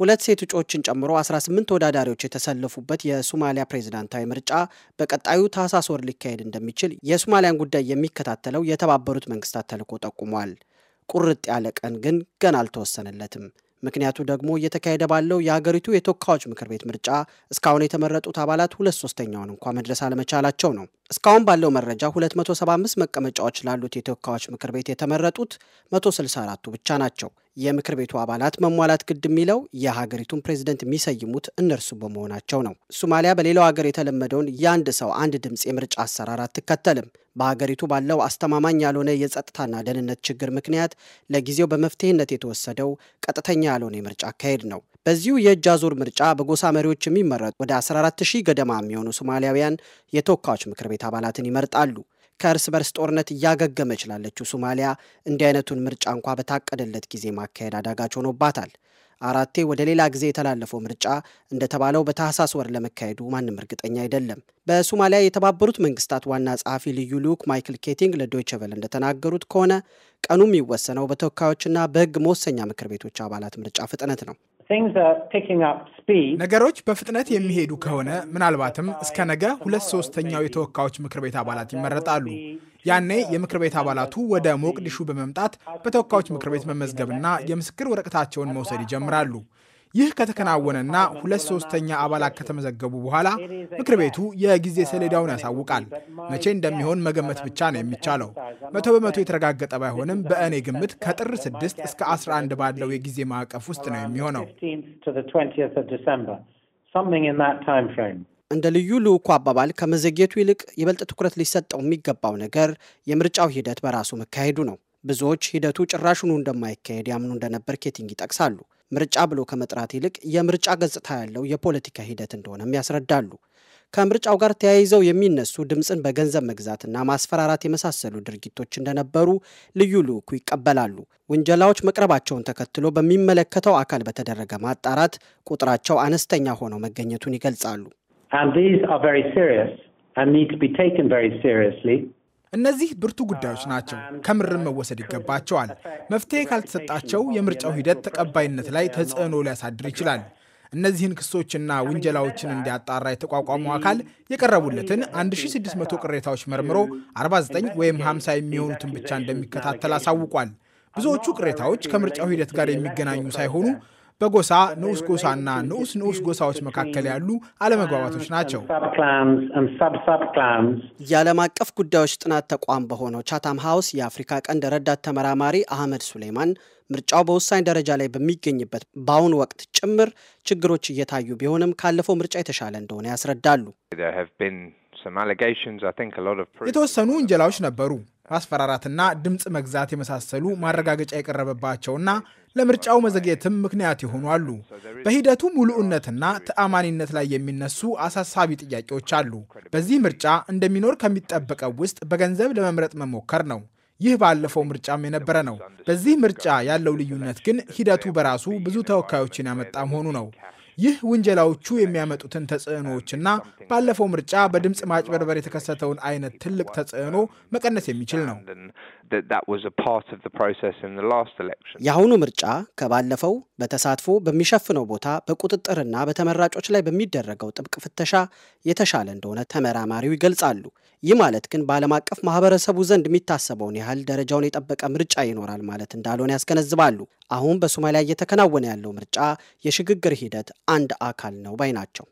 ሁለት ሴት እጩዎችን ጨምሮ 18 ተወዳዳሪዎች የተሰለፉበት የሶማሊያ ፕሬዝዳንታዊ ምርጫ በቀጣዩ ታህሳስ ወር ሊካሄድ እንደሚችል የሶማሊያን ጉዳይ የሚከታተለው የተባበሩት መንግስታት ተልዕኮ ጠቁሟል። ቁርጥ ያለ ቀን ግን ገና አልተወሰነለትም። ምክንያቱ ደግሞ እየተካሄደ ባለው የአገሪቱ የተወካዮች ምክር ቤት ምርጫ እስካሁን የተመረጡት አባላት ሁለት ሶስተኛውን እንኳ መድረስ አለመቻላቸው ነው። እስካሁን ባለው መረጃ 275 መቀመጫዎች ላሉት የተወካዮች ምክር ቤት የተመረጡት 164ቱ ብቻ ናቸው። የምክር ቤቱ አባላት መሟላት ግድ የሚለው የሀገሪቱን ፕሬዝደንት የሚሰይሙት እነርሱ በመሆናቸው ነው። ሶማሊያ በሌላው ሀገር የተለመደውን የአንድ ሰው አንድ ድምፅ የምርጫ አሰራር አትከተልም። በሀገሪቱ ባለው አስተማማኝ ያልሆነ የጸጥታና ደህንነት ችግር ምክንያት ለጊዜው በመፍትሄነት የተወሰደው ቀጥተኛ ያልሆነ የምርጫ አካሄድ ነው። በዚሁ የእጅ አዙር ምርጫ በጎሳ መሪዎች የሚመረጡ ወደ 14 ሺህ ገደማ የሚሆኑ ሶማሊያውያን የተወካዮች ምክር ቤት አባላትን ይመርጣሉ። ከእርስ በርስ ጦርነት እያገገመ ችላለችው ሶማሊያ እንዲህ አይነቱን ምርጫ እንኳ በታቀደለት ጊዜ ማካሄድ አዳጋች ሆኖባታል። አራቴ ወደ ሌላ ጊዜ የተላለፈው ምርጫ እንደተባለው በታህሳስ ወር ለመካሄዱ ማንም እርግጠኛ አይደለም። በሶማሊያ የተባበሩት መንግስታት ዋና ጸሐፊ ልዩ ልዑክ ማይክል ኬቲንግ ለዶይቸ እንደተናገሩት ከሆነ ቀኑ የሚወሰነው በተወካዮችና በሕግ መወሰኛ ምክር ቤቶች አባላት ምርጫ ፍጥነት ነው። ነገሮች በፍጥነት የሚሄዱ ከሆነ ምናልባትም እስከ ነገ ሁለት ሶስተኛው የተወካዮች ምክር ቤት አባላት ይመረጣሉ። ያኔ የምክር ቤት አባላቱ ወደ ሞቅዲሹ በመምጣት በተወካዮች ምክር ቤት መመዝገብና የምስክር ወረቀታቸውን መውሰድ ይጀምራሉ። ይህ ከተከናወነና ሁለት ሶስተኛ አባላት ከተመዘገቡ በኋላ ምክር ቤቱ የጊዜ ሰሌዳውን ያሳውቃል። መቼ እንደሚሆን መገመት ብቻ ነው የሚቻለው። መቶ በመቶ የተረጋገጠ ባይሆንም በእኔ ግምት ከጥር 6 እስከ 11 ባለው የጊዜ ማዕቀፍ ውስጥ ነው የሚሆነው። እንደ ልዩ ልዑኩ አባባል ከመዘግየቱ ይልቅ ይበልጥ ትኩረት ሊሰጠው የሚገባው ነገር የምርጫው ሂደት በራሱ መካሄዱ ነው። ብዙዎች ሂደቱ ጭራሹኑ እንደማይካሄድ ያምኑ እንደነበር ኬቲንግ ይጠቅሳሉ። ምርጫ ብሎ ከመጥራት ይልቅ የምርጫ ገጽታ ያለው የፖለቲካ ሂደት እንደሆነም ያስረዳሉ። ከምርጫው ጋር ተያይዘው የሚነሱ ድምፅን በገንዘብ መግዛትና ማስፈራራት የመሳሰሉ ድርጊቶች እንደነበሩ ልዩ ልዑኩ ይቀበላሉ። ውንጀላዎች መቅረባቸውን ተከትሎ በሚመለከተው አካል በተደረገ ማጣራት ቁጥራቸው አነስተኛ ሆነው መገኘቱን ይገልጻሉ። እነዚህ ብርቱ ጉዳዮች ናቸው፣ ከምርም መወሰድ ይገባቸዋል። መፍትሄ ካልተሰጣቸው የምርጫው ሂደት ተቀባይነት ላይ ተጽዕኖ ሊያሳድር ይችላል። እነዚህን ክሶችና ውንጀላዎችን እንዲያጣራ የተቋቋመው አካል የቀረቡለትን 1600 ቅሬታዎች መርምሮ 49 ወይም 50 የሚሆኑትን ብቻ እንደሚከታተል አሳውቋል። ብዙዎቹ ቅሬታዎች ከምርጫው ሂደት ጋር የሚገናኙ ሳይሆኑ በጎሳ ንዑስ ጎሳና ንዑስ ንዑስ ጎሳዎች መካከል ያሉ አለመግባባቶች ናቸው። የዓለም አቀፍ ጉዳዮች ጥናት ተቋም በሆነው ቻታም ሃውስ የአፍሪካ ቀንድ ረዳት ተመራማሪ አህመድ ሱሌማን ምርጫው በወሳኝ ደረጃ ላይ በሚገኝበት በአሁኑ ወቅት ጭምር ችግሮች እየታዩ ቢሆንም ካለፈው ምርጫ የተሻለ እንደሆነ ያስረዳሉ። የተወሰኑ ውንጀላዎች ነበሩ። ማስፈራራትና ድምፅ መግዛት የመሳሰሉ ማረጋገጫ የቀረበባቸውና ለምርጫው መዘግየትም ምክንያት የሆኑ አሉ። በሂደቱ ሙሉእነትና ተአማኒነት ላይ የሚነሱ አሳሳቢ ጥያቄዎች አሉ። በዚህ ምርጫ እንደሚኖር ከሚጠበቀው ውስጥ በገንዘብ ለመምረጥ መሞከር ነው። ይህ ባለፈው ምርጫም የነበረ ነው። በዚህ ምርጫ ያለው ልዩነት ግን ሂደቱ በራሱ ብዙ ተወካዮችን ያመጣ መሆኑ ነው። ይህ ውንጀላዎቹ የሚያመጡትን ተጽዕኖዎችና ባለፈው ምርጫ በድምፅ ማጭበርበር የተከሰተውን አይነት ትልቅ ተጽዕኖ መቀነስ የሚችል ነው። የአሁኑ ምርጫ ከባለፈው በተሳትፎ በሚሸፍነው ቦታ በቁጥጥርና በተመራጮች ላይ በሚደረገው ጥብቅ ፍተሻ የተሻለ እንደሆነ ተመራማሪው ይገልጻሉ። ይህ ማለት ግን በዓለም አቀፍ ማህበረሰቡ ዘንድ የሚታሰበውን ያህል ደረጃውን የጠበቀ ምርጫ ይኖራል ማለት እንዳልሆነ ያስገነዝባሉ። አሁን በሶማሊያ እየተከናወነ ያለው ምርጫ የሽግግር ሂደት አንድ አካል ነው ባይ ናቸው።